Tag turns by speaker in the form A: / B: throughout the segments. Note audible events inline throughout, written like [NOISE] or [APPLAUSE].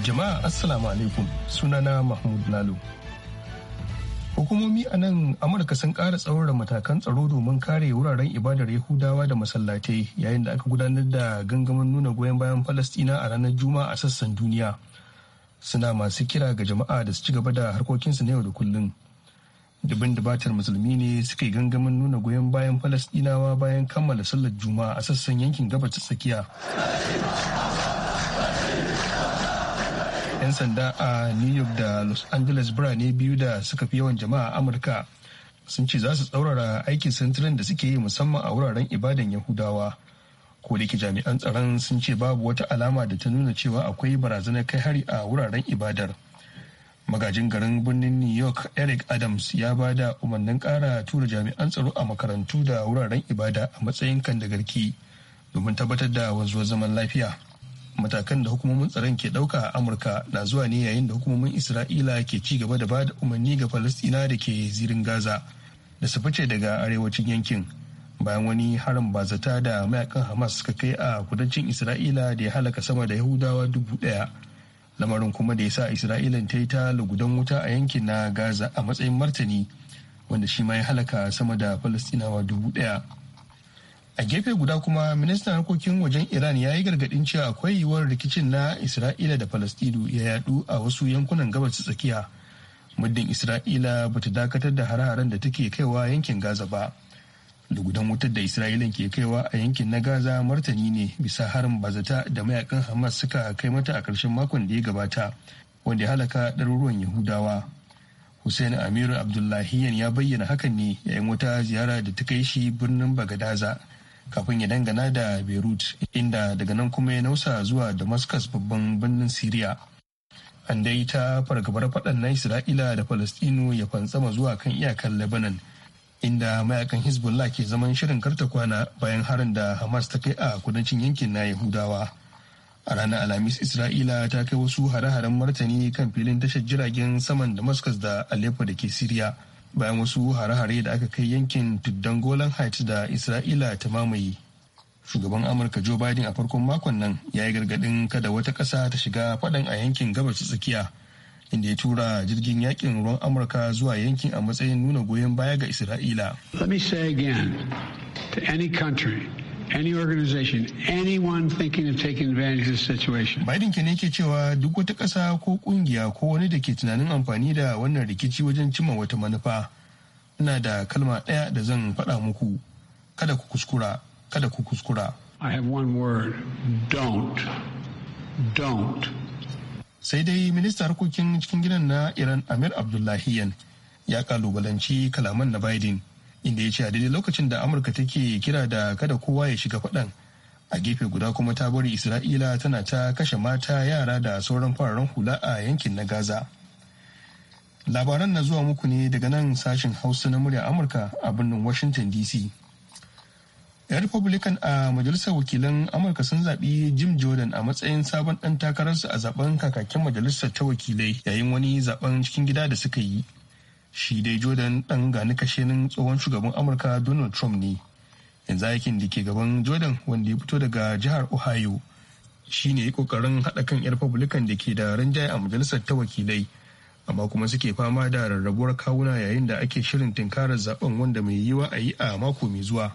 A: Jama'a Assalamu alaikum sunana Mahmud Lalo. Hukumomi a nan Amurka sun ƙara tsaurara matakan tsaro domin kare wuraren ibadar Yahudawa da masallatai yayin da aka gudanar da gangamin nuna goyon bayan Falastina a ranar Juma'a a sassan duniya. Suna masu kira ga jama'a da su ci gaba da harkokinsu na yau da kullum. Dubin dubatar musulmi ne suka yi gangamin nuna goyon bayan Falastinawa bayan kammala sallar Juma'a a sassan yankin gabas ta tsakiya. 'yan sanda a new york da los angeles birane biyu da suka fi yawan jama'a amurka sun ce za su tsaurara aikin sintirin da suke yi musamman a wuraren ibadan yahudawa ko da jami'an tsaron sun ce babu wata alama da ta nuna cewa akwai barazanar kai hari a wuraren ibadar magajin garin birnin new york eric adams ya ba da umarnin kara tura jami'an tsaro a makarantu da wuraren ibada a matsayin kan da garki domin tabbatar da wanzuwar zaman lafiya matakan da hukumomin tsaron ke ɗauka a amurka na zuwa ne yayin da hukumomin isra'ila ke ci gaba da ba da umarni ga falastina da ke zirin gaza da su fice daga arewacin yankin bayan wani harin bazata da mayakan hamas suka kai a kudancin isra'ila da ya halaka sama da yahudawa dubu daya lamarin kuma da ya sa isra'ila ta yi ta lugudan wuta a yankin na gaza a matsayin martani wanda shi ma ya halaka sama da falastinawa dubu daya a gefe guda kuma ministan harkokin wajen iran ya yi gargadin cewa akwai yiwuwar rikicin na isra'ila da falastinu ya yadu a wasu yankunan gabas tsakiya muddin isra'ila ba ta dakatar da hare-haren da take kaiwa yankin gaza ba lugudan wutar da isra'ila ke kaiwa a yankin na gaza martani ne bisa harin bazata da mayakan hamas suka kai mata a ƙarshen makon da ya gabata wanda ya halaka ɗaruruwan yahudawa hussein amiru abdullahiyan ya bayyana hakan ne yayin wata ziyara da ta kai shi birnin bagadaza kafin ya dangana da beirut inda daga nan kuma ya nausa zuwa damascus babban birnin syria an dai ta fargabar faɗan na isra'ila da palestino ya fantsama zuwa kan iyakar lebanon inda mayakan hezbollah ke zaman shirin karta kwana bayan harin da hamas ta kai a kudancin yankin na yahudawa a ranar alhamis isra'ila ta kai wasu hare-haren martani kan filin tashar jiragen saman damascus da aleppo da ke siriya bayan wasu hare-hare da aka kai yankin tuddan golan heights da isra'ila ta mamaye shugaban amurka joe biden a farkon makon nan ya yi gargadin kada wata ƙasa ta shiga faɗan a yankin gabas tsakiya inda ya tura jirgin yakin ruwan amurka zuwa yankin a matsayin nuna goyon baya ga isra'ila let me say again to any country any organization, anyone thinking of taking advantage of the situation. Biden ke ne ke cewa duk wata ƙasa ko ƙungiya ko wani da ke tunanin amfani da wannan rikici wajen cimma wata manufa. Ina da kalma ɗaya da zan faɗa muku. Kada ku kuskura, kada ku kuskura. I have one word, don't, don't. Sai dai minista harkokin cikin gidan na Iran Amir Abdullahiyan ya kalubalanci kalaman na Biden. inda ya ce a daidai lokacin da amurka take kira da kada kowa ya shiga faɗan a gefe guda kuma ta bari isra'ila tana ta kashe mata yara da sauran fararen hula a yankin na gaza labaran na zuwa muku ne daga nan sashen hausa na murya amurka a birnin washington dc 'yan republican a majalisar wakilan amurka sun zaɓi jim jordan a matsayin sabon ɗan takararsu a zaben kakakin majalisar ta wakilai yayin wani zaben cikin gida da suka yi shi dai jordan ɗan gani kashenin tsohon shugaban amurka donald trump ne yanzu aikin da ke gaban jordan wanda ya fito daga jihar ohio ne ya kokarin haɗa kan 'yan republican da ke da rinjaye a majalisar ta wakilai amma kuma suke fama da rarrabuwar kawuna yayin da ake shirin tunkarar zaben wanda mai yiwa a yi a mako mai zuwa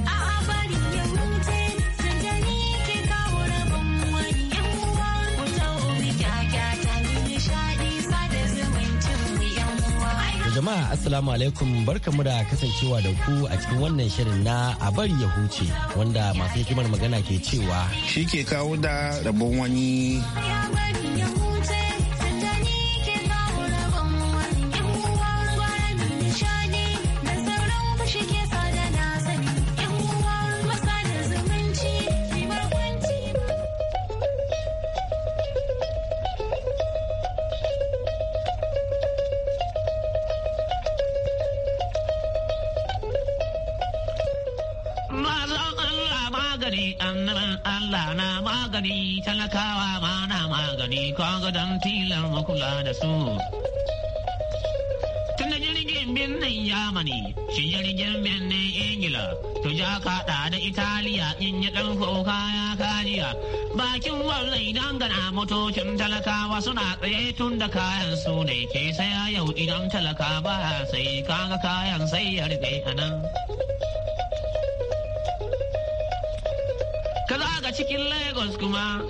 B: Jama'a Assalamu alaikum barkamu da kasancewa da ku a cikin wannan shirin na a bari ya huce wanda masu hikimar magana
C: ke cewa shi ke kawo da rabon wani
D: magani annaban Allah na magani talakawa ma na magani kaga don tilar makula da su. Tunda jirgin birnin Yamani, shi jirgin birnin Ingila, to ja kaɗa da Italiya in yi ɗan kuka ya kariya. Bakin wallai dangana motocin talakawa suna tsaye tunda da kayan su ne ke saya yau idan talaka ba sai kaga kayan sai ya rufe a nan. cikin Lagos kuma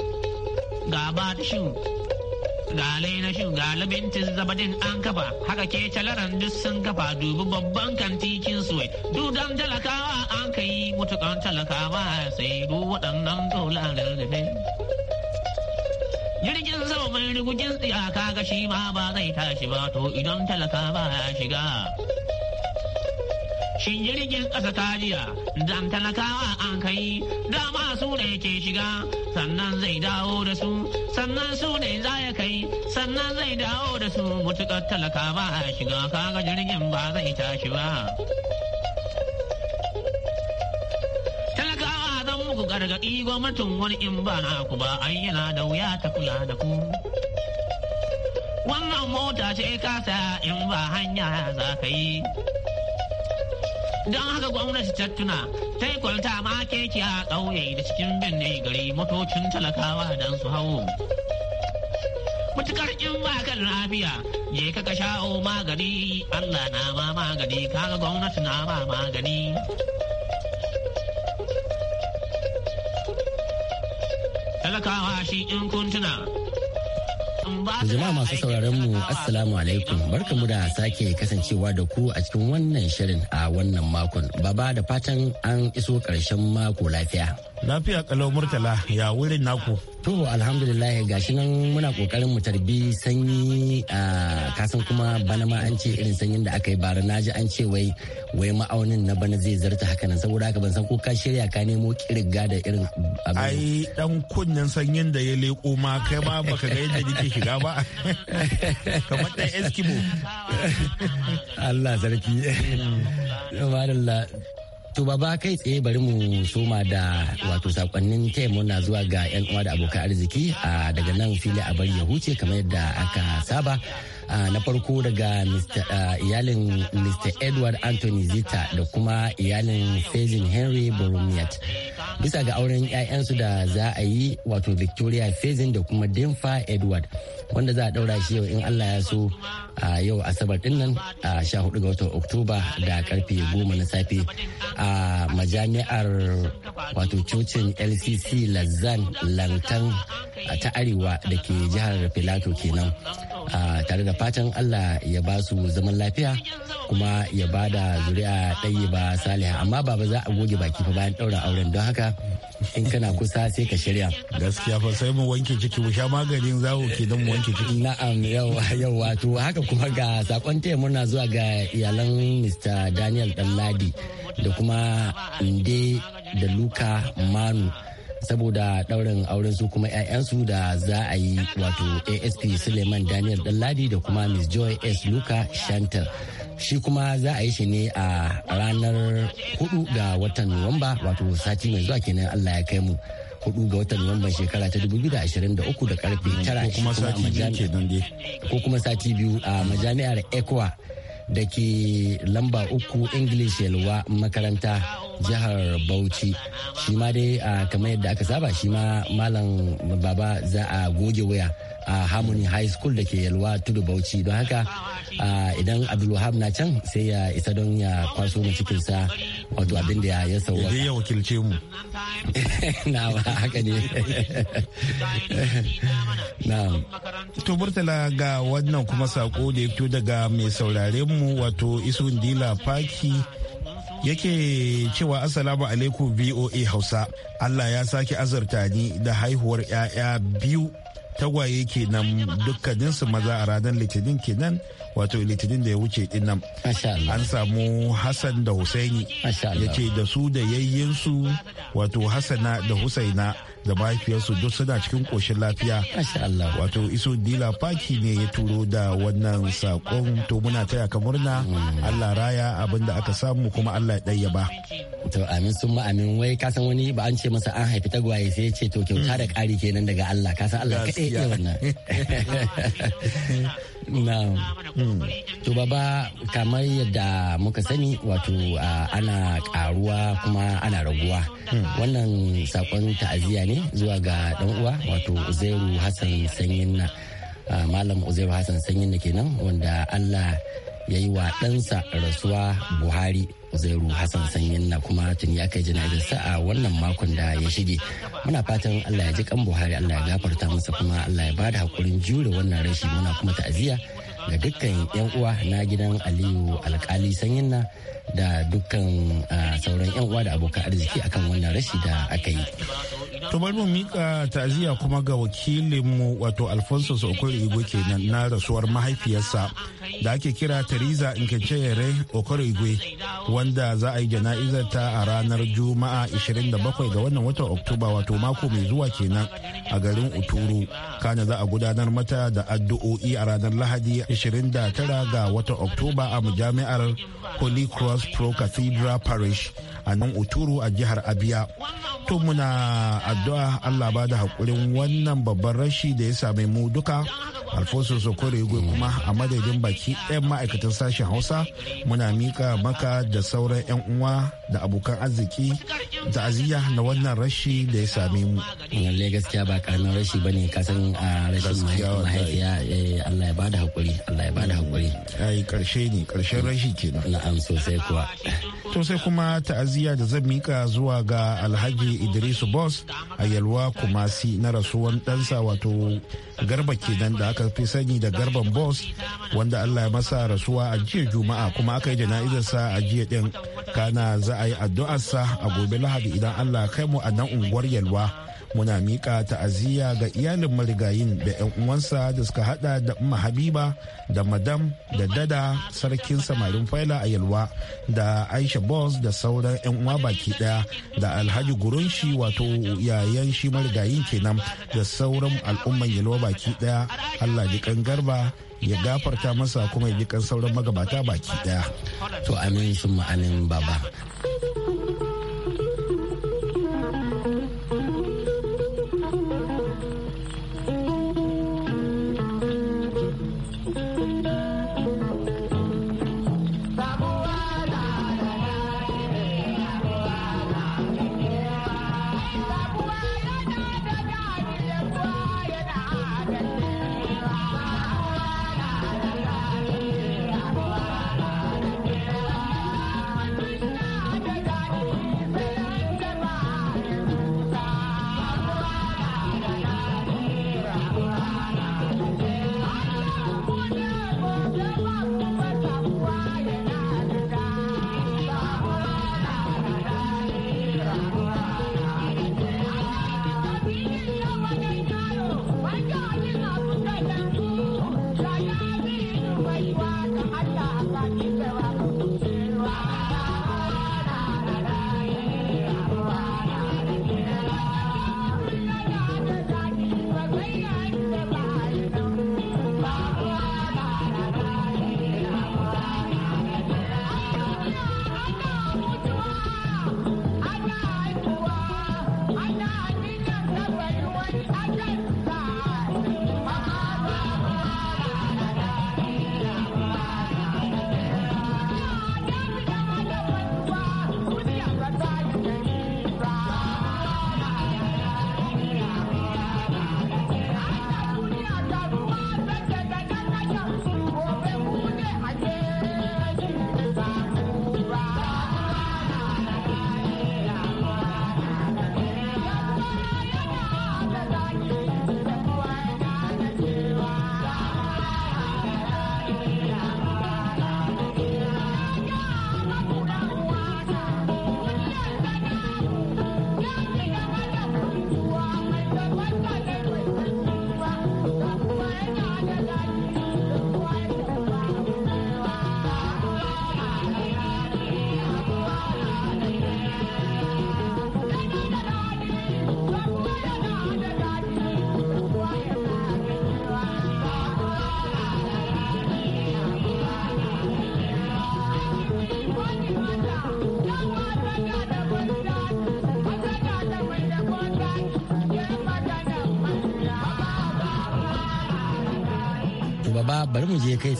D: ga Batishin, ga Lainashin, ga Labintis Zabadin an kafa, haka ke talaran duk sun kafa dubi babban kantikin suwai. Dudan talakawa an ka yi mutukan talakawa sai ru waɗannan dolarar da Jirgin sama mai rigujin tsiyaka ga shi ma ba zai tashi ba to idan talakawa ya shiga. shin jirgin ƙasa ta jiya dan talakawa an kai dama su ne ke shiga sannan zai dawo da su sannan su ne za ya kai sannan zai dawo da su mutuƙar talaka ba a shiga kaga jirgin ba zai tashi ba talakawa zan muku gargaɗi gwamnatin wani in ba na ku ba ai yana da wuya ta kula da ku wannan mota ce kasa in ba hanya za ka yi don haka gwamnati ta tuna ta yi kwalta ma keke a ƙauye da cikin binne gari motocin talakawa don su hau mutukar in ba kan lafiya je ka ka sha'o magani allah na ma magani kaga gwamnati na ma magani talakawa shi in kuntuna Jama'a
B: masu sauraron mu Assalamu alaikum barkamu da sake kasancewa da ku a cikin wannan shirin a wannan makon. Baba da fatan an iso karshen mako lafiya. Lafiya
C: kalau murtala ya wurin naku.
B: To alhamdulillah shi nan muna kokarin mu tarbi sanyi a kasan kuma bana ma an ce irin sanyin da aka yi bara na ji an ce wai wai ma'aunin na bana zai zarta haka nan saboda haka ban san ko ka shirya ka nemo kirga da irin
C: abin. Ai dan kunnen sanyin da ya leko ma kai ma baka ga yadda nake shiga ba.
A: [LAUGHS] Kamar dan Eskimo.
C: [LAUGHS] Allah sarki.
B: Subhanallah mm. To baba kai tsaye bari mu soma da wato sakonnin taya murna zuwa ga 'yan uwa da abokan arziki a daga nan fili a bari ya huce kamar yadda aka saba. Ah, na farko daga ah, iyalin Mr. Edward Anthony Zita da kuma iyalin Fezin Henry boromiat Bisa ga auren 'ya'yansu da za a yi wato Victoria Fezin da kuma Dimfa Edward wanda za a daura shi yau in Allah ya so a yau Asabar ɗinnan a 14 ga watan Oktoba da karfe 10 na safe a majami'ar wato cocin LCC Lazan Lantan ta Arewa da ke jihar Filato kenan. a tare da fatan Allah ya ba su zaman lafiya kuma ya ba da zuri'a ɗaya ba saliha amma ba ba za a goge baki fa bayan ɗaura auren don haka in kana kusa sai ka shirya gaskiya fa sai mu wanke ciki mu sha maganin zawo ke don mu wanke ciki na'am yawa yawa to haka kuma ga sakon taya muna zuwa ga iyalan Mr Daniel Danladi da kuma Inde da Luka Manu saboda ɗaurin auren su kuma 'ya'yansu da za a yi wato asp suleiman daniel ɗanladi da kuma miss joy s luka shantar shi kuma za a yi shi ne a ranar 4 ga watan nuwamba wato sati mai zuwa kenan allah ya kai mu hudu ga watan nuwamban shekara ta 2023 da karfe 9 mm, ko kuma sati biyu a majami'ar ecowa da ke lamba uku english yalwa makaranta jihar bauchi shi ma dai kamar yadda aka saba shi ma malam baba za a goge waya a harmony high school da ke yalwa tudu bauchi don haka idan abdulwahab na can sai ya isa don ya kwaso mu cikinsa wato abin da ya sauwa idan ya
C: wakilce mu [LAUGHS] na haka ne [LAUGHS] na to murtala ga wannan kuma sako da ya fito daga mai saurare mu wato isu dila faki yake cewa assalamu alaikum voa hausa allah ya sake azarta ni da haihuwar 'ya'ya biyu tagwaye kenan dukkaninsu maza a ranar litinin kenan wato litinin da ya wuce dinnan an samu hassan da husaini ya ce da su da yayyinsu wato hassana da husaina da mahaifiyarsu duk suna cikin koshin lafiya wato iso dila faki ne ya turo da wannan sakon to muna taya ka murna mm. allah raya abin
B: aka samu kuma allah ya ba to amin sun ma amin wai ka san wani ba an ce masa an haifi tagwaye sai ya ce to kyauta da mm. ƙari kenan daga allah ka san allah kaɗai wannan [LAUGHS] na hmm. to baba kamar yadda muka sani wato ana karuwa kuma ana raguwa hmm. wannan sakon ta'aziyya ne zuwa ga dan uwa wato uzairu hassan sanyin na malam uzairu hassan sanyin na kenan wanda allah ya yi wa ɗansa rasuwa buhari zairu hassan sanyin na kuma tuni aka yi sa a wannan makon da ya shige muna fatan allah ya ji kan buhari allah ya gafarta masa kuma allah ya bada hakurin jure wannan rashi muna kuma ta'aziyya ga dukkan yan uwa na gidan aliyu alkali sanyin na da dukkan ah, sauran 'yan uwa da abokan arziki akan wannan rashi da aka yi.
C: To bari mu mika ta'aziyya kuma ga wakilin mu wato Alfonso Okoro Igbo kenan na rasuwar mahaifiyarsa da ake kira Teresa Nkenchere Okoro Igbo wanda za a yi jana'izar ta a ranar Juma'a 27 ga wannan watan Oktoba wato mako mai zuwa kenan a garin Uturu. Kana za a gudanar mata da addu'o'i a ranar Lahadi 29 ga watan Oktoba a mujami'ar Holy Cross Pro Cathedral Parish a nan uturu a jihar abia to muna addu'a allah ba da haƙurin wannan babban rashi da ya same mu duka alfonso sokore kuma a madadin baki ɗayan ma'aikatan sashen hausa muna mika maka da sauran 'yan uwa da abokan arziki aziya na wannan rashi da ya same mu lalle gaskiya ba karamin rashi ba ne kasan a ah, rashin mahaifiya eh,
B: allah ya bada hakuri allah ya bada hakuri ai karshe ne karshen rashi kenan na'am sosai kuwa
C: to sai kuma ta'aziyya da zan mika zuwa ga alhaji idrisu boss a yalwa kumasi na rasuwan ɗansa wato garba kenan da aka fi sani da garban boss wanda allah ya masa rasuwa a jiya juma'a kuma aka yi jana'izarsa a jiya ɗin kana za a yi addu'arsa a gobe lahadi idan allah kai mu a nan unguwar yalwa muna mika ta'aziyya ga iyalin marigayin da 'yan uwansa da suka hada da umma habiba da madam da dada sarkin samarin faila a yalwa da aisha boss da sauran 'yan uwa baki daya da alhaji gurunshi wato yayan shi marigayin kenan da sauran al'umman yalwa baki daya allah jikan garba ya gafarta masa kuma ya jikan sauran magabata baki daya to amin sun ma'anin baba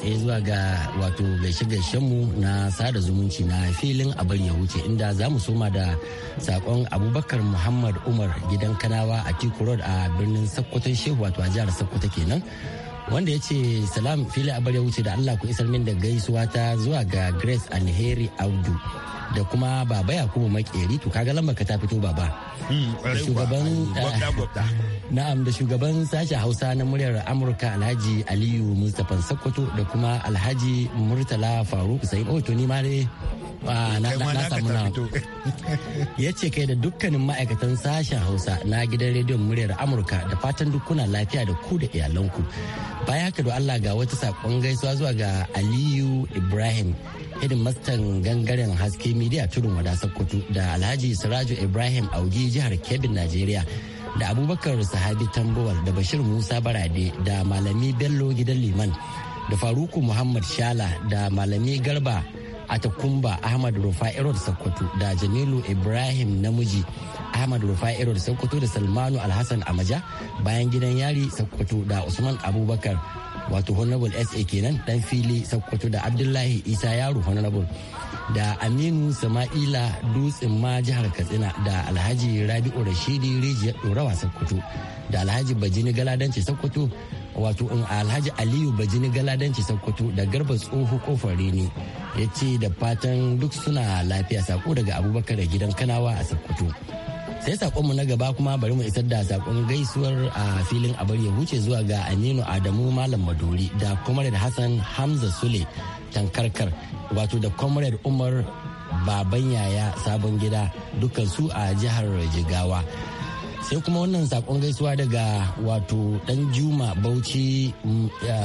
B: tsaye zuwa ga wato gaishe mu na sada zumunci na filin a bar ya wuce inda za mu soma da sakon abubakar muhammad umar gidan kanawa a tiku a birnin sakkwaton shehu wato a jihar sakkwato kenan wanda ya ce salam fili a bar ya wuce da allah ku isar min da gaisuwa ta zuwa ga grace alheri audu da kuma baba yakubu makeri to kaga lambar ka ta fito baba
C: hmm, ah,
B: na'am da shugaban sashen hausa na muryar amurka alhaji aliyu mustapha sakkwato da kuma alhaji murtala faruk sai oh ni ma ah, na samu na [LAUGHS] ya ce kai da dukkanin ma'aikatan sashen hausa na gidan rediyon muryar amurka da fatan dukkuna lafiya da ku da iyalanku baya haka da allah ga wata saƙon gaisuwa zuwa ga aliyu ibrahim irin mastan gangaren haske media tudun wada sokoto da alhaji siraju ibrahim augi jihar kebbi najeriya da abubakar sahabi tambowar da bashir musa barade da malami bello gidan liman da faruku muhammad shala da malami garba a takumba ahmad rufa'i road sokoto da jamilu ibrahim namiji ahmad rufa'i road sokoto da salmanu alhassan amaja bayan gidan yari sokoto da usman abubakar wato honorable sa kenan dan fili sakkwato da abdullahi isa yaro honorable da aminu sama'ila dutsen ma jihar katsina da alhaji rabi'u rashidi rijiyar dorawa sakkwato da alhaji bajini galadanci sakkwato wato in um, alhaji aliyu bajini galadanci sakkwato da garba tsoho kofar rini ya ce da fatan duk suna lafiya sako daga abubakar da gidan kanawa a sakkwato sai sakonmu na gaba kuma bari mu isar da sakon gaisuwar a filin abar ya huce zuwa ga aminu adamu malam maduri da comrade hassan hamza sule tankarkar wato da comrade umar baban yaya sabon gida dukkan su a jihar jigawa sai kuma wannan sakon gaisuwa daga wato dan juma bauchi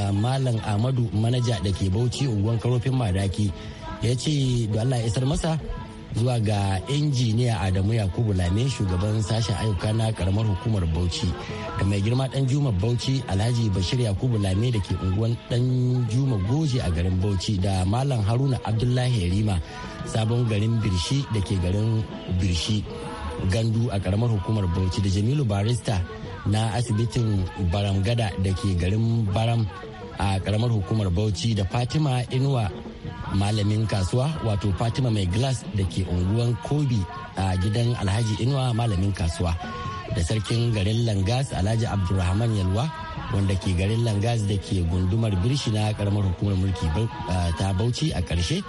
B: malam amadu manaja da ke bauchi unguwan karofin madaki ya ce da allah ya isar masa zuwa ga injiniya adamu yakubu lame shugaban sashen ayyuka na karamar hukumar bauchi da mai girma dan juma bauchi alhaji bashir yakubu lame da ke unguwan dan juma goje a garin bauchi da malam haruna abdullahi rima sabon garin birshi da ke garin birshi gandu a karamar hukumar bauchi da jamilu barista na asibitin baramgada da ke garin baram a karamar hukumar bauchi da fatima inuwa malamin kasuwa wato fatima mai glass da ke unguwan kobi a gidan alhaji inuwa malamin kasuwa da sarkin garin langas alhaji abdulrahman yalwa wanda ke garin langas da ke gundumar birshi na karamar hukumar mulki uh, ta bauchi a ƙarshe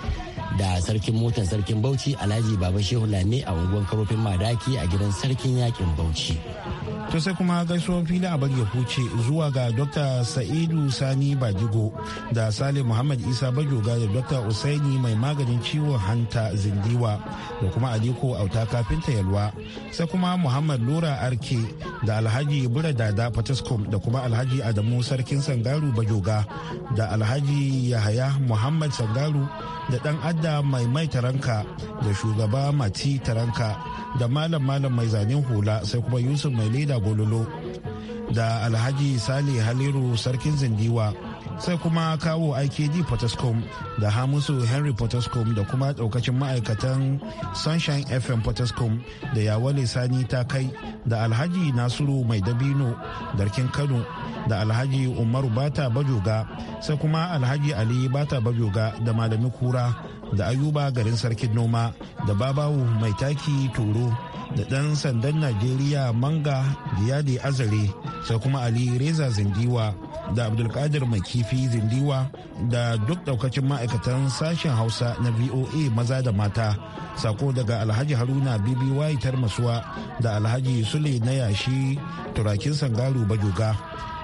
B: da sarkin motar sarkin
C: bauchi alhaji baba shehu lame a unguwar karofin madaki a gidan sarkin yakin bauchi to sai kuma gaisuwan fili a bagya huce zuwa ga dr sa'idu sani bajigo da sale muhammad isa bajoga da dr usaini mai maganin ciwon hanta zindiwa da kuma aliko auta kafinta yalwa sai kuma muhammad lura arke da alhaji bura dada fataskom da kuma alhaji adamu sarkin sangaru bajoga da alhaji yahaya muhammad sangaru da dan da mai mai taranka da shugaba mati taranka da malam malam mai zanen hula sai kuma yusuf mai leda gololo da alhaji sali haliru sarkin zindiwa sai kuma kawo ikd potoscom da hamusu henry potoscom da kuma daukacin ma'aikatan sunshine fm potoscom da yawale sani ta kai da alhaji nasiru mai dabino darkin kano da alhaji umaru bata bajoga sai kuma alhaji ali bata bajoga da malami kura da ayuba garin sarkin noma da babawu mai taki turo da ɗan sandan najeriya manga diyadi azare sai kuma ali reza zindiwa da abdulkadir mai kifi zindiwa da duk daukacin ma'aikatan sashen hausa na voa maza da mata sako daga alhaji haruna bby tarmasuwa da alhaji sule na yashi turakin sangaru bajoga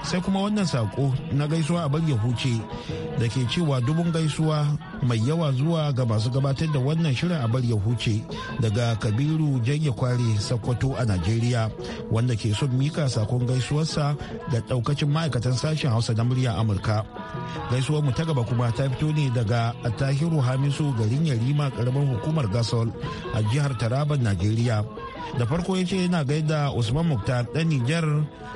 C: sai kuma wannan sako na gaisuwa a bar huce da ke cewa dubun gaisuwa mai yawa zuwa ga masu gabatar da wannan shirin a bar ya huce daga kabiru janye kware sakkwato a najeriya wanda ke son mika sakon gaisuwarsa da daukacin ma'aikatan sashen hausa na murya amurka gaisuwar mu ta gaba kuma ta fito ne daga attahiru hamisu garin yarima karamar hukumar gasol a jihar taraban najeriya da farko ya ce yana gaida usman muktar ɗan nijar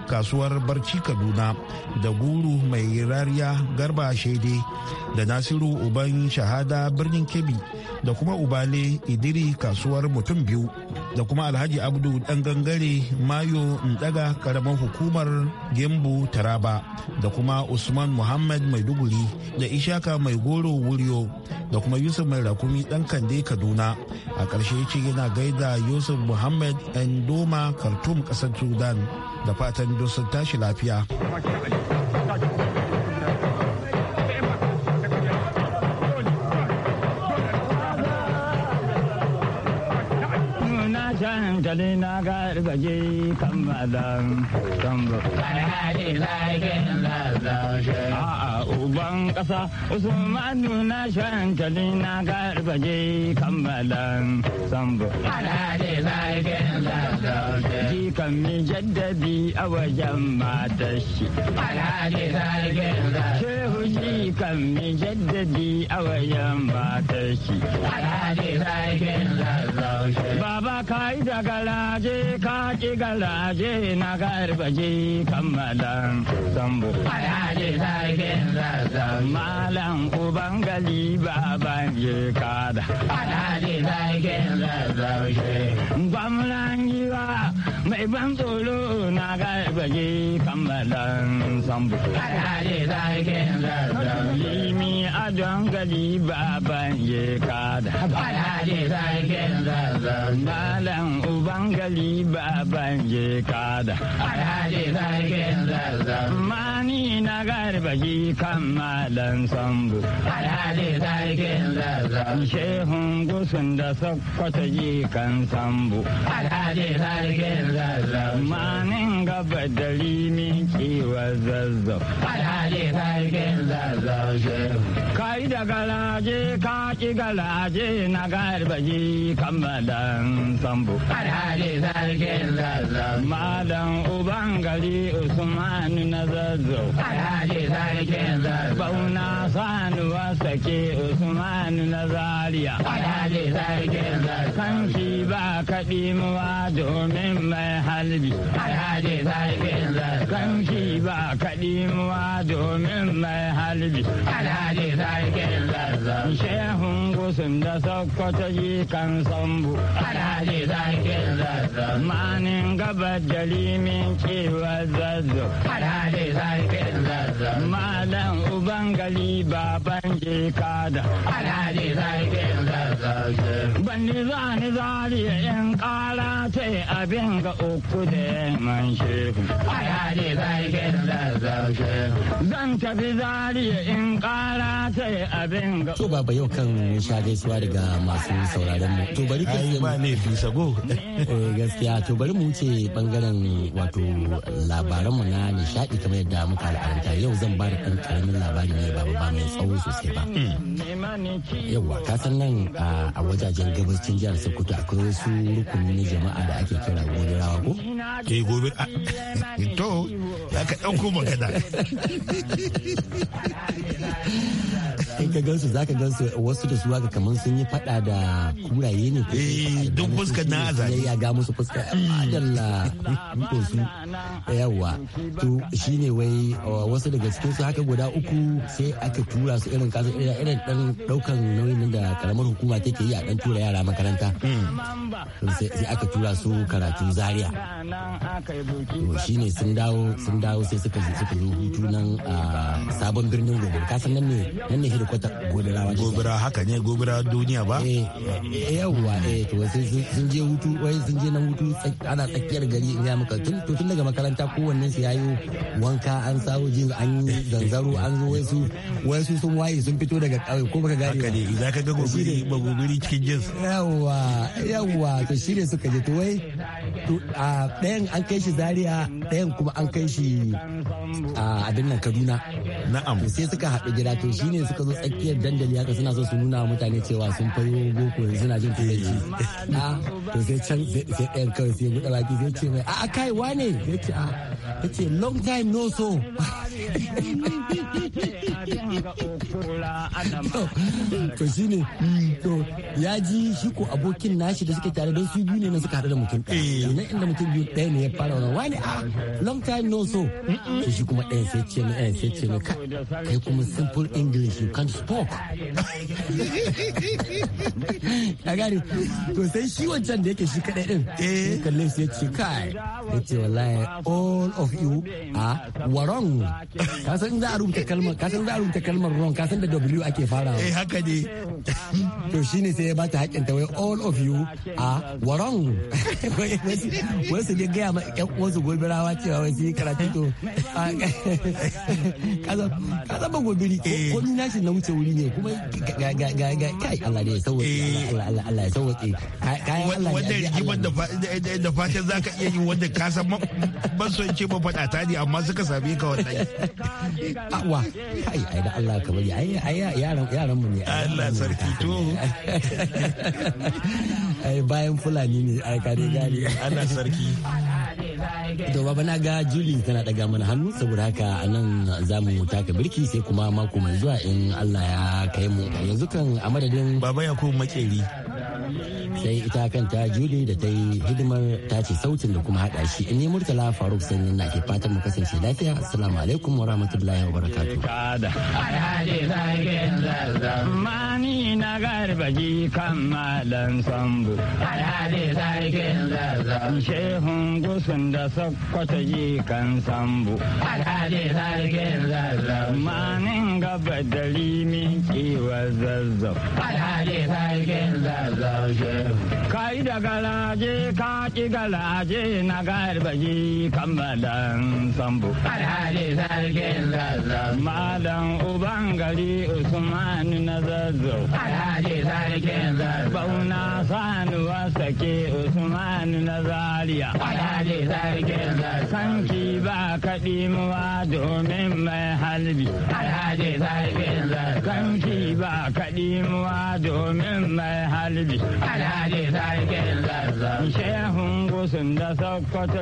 C: kasuwar barci kaduna da guru mai rariya garba shaide da nasiru uban shahada birnin kebbi da kuma ubale idiri kasuwar mutum biyu da kuma alhaji abdu dan gangare mayo ndaga karamar hukumar gembu taraba da kuma usman muhammad maiduguri da ishaka mai goro wuriyo da kuma yusuf mai rakumi dan kande kaduna a ƙarshe ce yana gaida yusuf muhammad endoma khartoum ƙasar sudan da fatan su tashi lafiya
E: hankali na ga gaje kan malam kan ba. A'a uban ƙasa Usmanu na shi hankali na ga gaje kan malam san ba. Alhali zagin zazzauce. shi kan mi jaddadi a wajen matar shi. Alhaji sarkin Shehu shi kan mi jaddadi a wajen matar shi. Alhaji sarkin Baba ka yi da garaje ka ki garaje na garbaje kammalan sambo. Alhaji sarkin zazzau. Malam uban gali baban je kada. Alhaji sarkin zazzau. Gwamnan giwa mai ban tsoro na ga baje kammalan sambu. Alhaji sarkin zazzau. Limi a don gadi baban ye kada. Alhaji sarkin zazzau. Malam uban gali baban ye kada. Alhaji sarkin zazzau. Mani na garbaji kammalan sambu. Alhaji sarkin zazzau. Shehun gusun da sakwata yi kan sambu. Alhaji sarkin zazzau. zamanin gaba da limin kiwa zazzau.
F: Alhaji sarkin zazzau shehu.
E: Kai da galaje ka ki galaje na garbaji kammalan sambo. Alhaji zazzau.
C: Malam
E: uban gari na zazzau. Alhaji zazzau. Bauna sanu wasake na zaria. Alhaji zazzau. ba kaɗi muwa domin mai halbi.
F: Alhaji zazzau.
E: ba kaɗi domin mai halbi. Alhaji zazzau. Shehun sun da sokoto yi kan sambu. ji zakin zazzo. Manin gaba da limin cewa zazzo. ji zakin zazzo. Malam uban gali baban je kada. ji zakin zazzo. Bani zani zari yan kara ce abin ga uku da man
B: shehu. ji
E: zakin zazzo.
B: Zan tafi zari in kara ce abin ga. So baba yau kan sha gaisuwa daga masu sauraron mu to bari yi ba ne sago [LAUGHS] eh, gaskiya to bari mu wuce bangaren wato labaran mu na nishadi kamar yadda muka al'adanta yau zan ba da karamin labari ne ba ba mai tsawo sosai ba yauwa ka san nan a wajajen gabashin jihar sokoto akwai wasu rukuni na jama'a da ake kira rawa ko eh gobe
F: to
C: ya ka ɗauko magana [LAUGHS]
B: in ka gansu zaka gansu wasu da su ga kamar sun yi fada da kuraye ne eh duk fuska na azali ya ga musu fuskar mm. adalla ko su yawa to shine wai uh, wasu daga cikin su haka guda uku sai aka tura su irin kasu irin dan daukan nauyin da karamar hukuma take yi a dan tura yara makaranta mm. sai aka tura su karatu zaria to shine sun dawo sun dawo sai suka suka yi hutu nan a uh, sabon birnin gobe kasan nan ne nan ne headquarter gobirawa gobira
C: haka ne gobira duniya ba eh,
A: eh
B: yawa eh to sai sun je hutu wai sun je na hutu ana tsakiyar gari in ya maka tun tun daga makaranta kowannen su yayo wanka an sawo jin an zanzaro an zo wai su wai su sun waye sun fito daga kauye ko baka gane haka ne idan
C: ka ga gobiri ba gobiri cikin jins
B: yawa yawa to shine suka je to wai a ɗayan an kai shi zaria ɗayan kuma an kai shi a abin kaduna na'am sai suka haɗu gida to shine suka zo tsakiyar dandali haka suna so su nuna mutane cewa sun fayo boko suna jin turanci a to sai can sai ɗayan kawai sai buɗe baki sai ce mai a kai wane ya ce a ya ce long time no so [LAUGHS] to shine mm, to ya ji shi ko abokin nashi da suke tare don su biyu ne na suka haɗu da mutum ɗaya eh. ne inda mutum biyu ɗaya ne ya fara wani wani a ah, long time no so to shi kuma ɗaya sai ce ɗaya eh, sai ce ka kai kuma simple english you can't spoke ya [LAUGHS] gane to sai shi wancan da yake shi kaɗai ɗin eh. ya kalle su ya ce kai ya ce wallahi all of you are warong kasan za a rubuta kalmar kasan za a rubuta kalmar ron ka san da W ake farawa. Eh haka ne. [LAUGHS] To shine sai ya ba ta haƙƙin ta wai all of you a [LAUGHS] waron. Wai su ga ya ma ƴan uwansu gobirawa cewa wai su yi karatu to. [LAUGHS] Ka ba gobiri ko eh. ni nashi na wuce wuri ne kuma ga ga ga ga ga kai Allah ne ya sauwaƙe eh. Allah Allah ya
C: sauwaƙe. Wanda da fatan za ka iya yi wanda ka san ban so in ce ta ne amma suka same ka wannan. Awa,
B: kai ai da Allah ka bari ai yaran yaran mu ne Allah sarki to [LAUGHS] ai bayan fulani ne ai ka dai mm, Allah sarki to baba na ga Julie tana daga mana hannu saboda haka anan zamu taka birki sai kuma mako mai zuwa in Allah ya kai mu yanzu kan a madadin baba Yakubu Makeri sai ita kanta Julie da ta yi hidimar ta ce sautin da kuma haɗa shi ne Murtala Faruk sannan na ke fatan mu kasance lafiya assalamu alaikum wa rahmatullahi wa barakatuh
E: Alhaji zagin zazzamani na garbaji kan malan sambu Alhaji zagin zazzam shehun gusun da sakkwata ji kan sambu Alhaji zagin zazzam manin gaba da limi zazzau.
F: Alhaji sarkin
E: da galaje ka ƙi galaje na garbaji kammalan sambo. Alhaji sarkin zazzau. Malam uban gari Usman na zazzau. Alhaji sarkin zazzau. Bauna sanuwa wasake Usman na zaria. Alhaji sarkin zazzau. Sanki ba kaɗi muwa domin mai halbi. Alhaji sarkin zazzau. Kanki ba kaɗi muwa domin mai halibi. Alhaji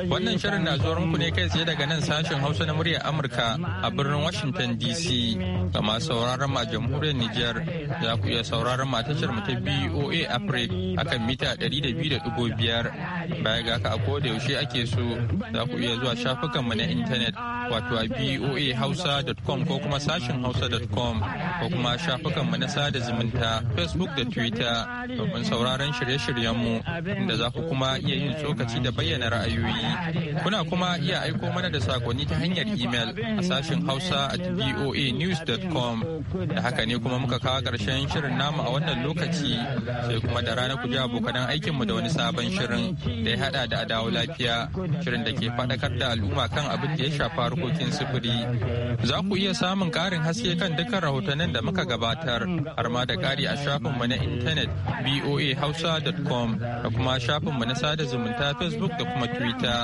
G: Wannan shirin na zuwa ku ne kai tsaye daga nan sashen Hausa na muryar Amurka a birnin Washington DC. Ga masu sauraron ma jamhuriyar Nijar za ku iya sauraron ma tashar mu ta BOA Africa akan mita 200.5 baya ga ka a koda yaushe ake so za ku iya zuwa shafukan mu na intanet wato a boahausa.com ko kuma sashen hausa.com ko kuma mu na na sada zumunta facebook da twitter domin sauraron shirye-shiryenmu inda za ku kuma iya yin tsokaci da bayyana ra'ayoyi kuna kuma iya aiko mana da sakonni ta hanyar email a sashen hausa at voanews.com da haka ne kuma muka kawo ƙarshen shirin namu a wannan lokaci sai kuma da rana ku ji abokan aikinmu da wani sabon shirin da ya hada da adawo lafiya shirin da ke faɗakar da al'umma kan abin da ya shafa harkokin sufuri za ku iya samun ƙarin haske kan dukkan rahotannin da muka gabatar har ma da kari a shafinmu na intanet boahausa.com da kuma shafinmu na sada zumunta facebook da kuma twitter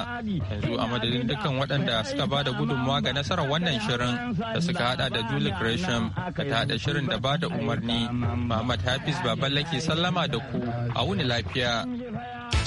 G: yanzu a madadin dukkan waɗanda suka ba da gudunmawa ga nasarar wannan shirin da suka hada da julie gresham da ta hada shirin da ba da umarni muhammad hafiz baballake sallama da ku a wuni lafiya